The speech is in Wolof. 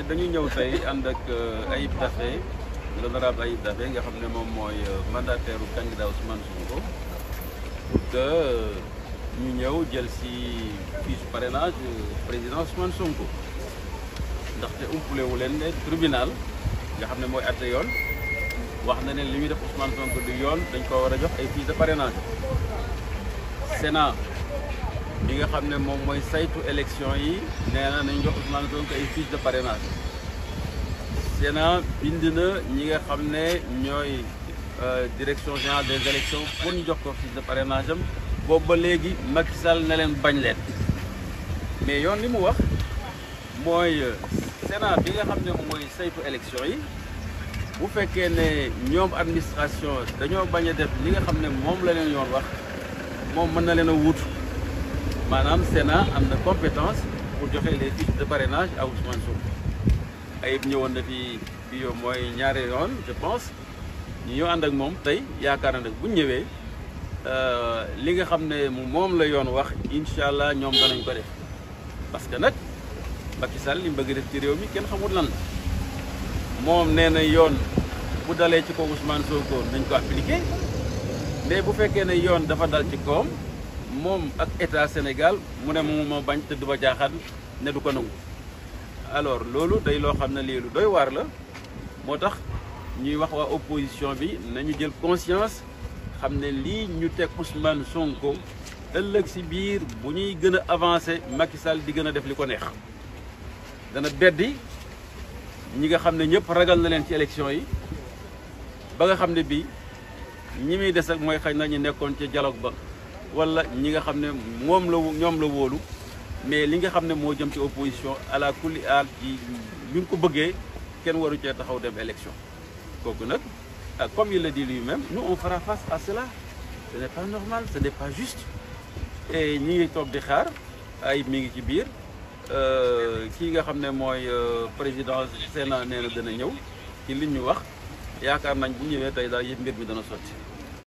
dañu ñëw tey ànd ak euh, Ayib Daffé l'honorable Ayib Daffé nga xam ne moom mooy euh, mandataire u candidat Ousmane Sonko que euh, ñu ñëw jël si fiche parrainage président Ousmane Sonko ndaxte umpule wu leen ne tribunal nga xam ne mooy àtte yoon wax na ne li muy def Ousmane Sonko du yoon dañ ko war a jox ay fiche de parrainage Sénat li nga xam ne moom mooy saytu élection yi nee nañ jox Ousmane Sonko ay fiche de parrainage Sénat bind na ñi nga xam ne ñooy euh, direction générale des élections pour ñu jox ko fiche de parrainage am boobu ba léegi Macky Sall na leen bañ leen mais yoon li mu wax mooy euh, Sénat bi nga xam ne mooy saytu élection yi bu fekkee ne ñoom administration dañoo bañ a def li nga xam ne moom la leen yoon wax moom mën na leen a wuutu maanaam Sénat am na compétence pour joxe les fiches de parrainage à Ousmane Sonko ayib ñëwoon na fi bi yow mooy ñaari yoon je pense ñu ñëw ànd ak moom tey yaakaar na nag bu ñëwee euh, li nga xam ne moom la yoon wax incha allah ñoom nañu ko def parce que nag Macky Sall li mu bëgg def ci réew mi kenn xamul lan la moom nee na yoon bu dalee ci ko Ousmane Sonko nañ ko appliqué mais bu fekkee ne yoon dafa dal ci koom. moom ak état Sénégal mu ne mu ma bañ tëdd ba ma jaaxaan ne du ko nangu alors loolu day loo xam ne lii lu doy waar la moo tax ñuy wax waa opposition bi nañu jël conscience xam ne lii ñu teg Ousmane Sonko ëllëg si biir bu ñuy gën a avancé Macky Sall di gën a def li ko neex dana beddi ñi nga xam ne ñëpp ragal na leen ci élection yi ba nga xam ne bii ñi muy des ak mooy xëy na ñu nekkoon ci dialogue ba wala ñi nga xam ne moom la ñoom la wóolu mais li nga xam ne moo jëm ci opposition ala kulli aal ci ñu ko bëggee kenn waru cee taxaw dem élection kooku nag ak ah, comme il le dit lui-même nous on fera face à cela ce pas normal ce n'est pas juste ñi ngi toog di xaar ay mi ngi ci biir euh, kii nga xam ne mooy euh, président Sénat nee na dana ñëw ci li ñu wax yaakaar nañ bu ñëwee tey daal yëpp mbir mi dana sotti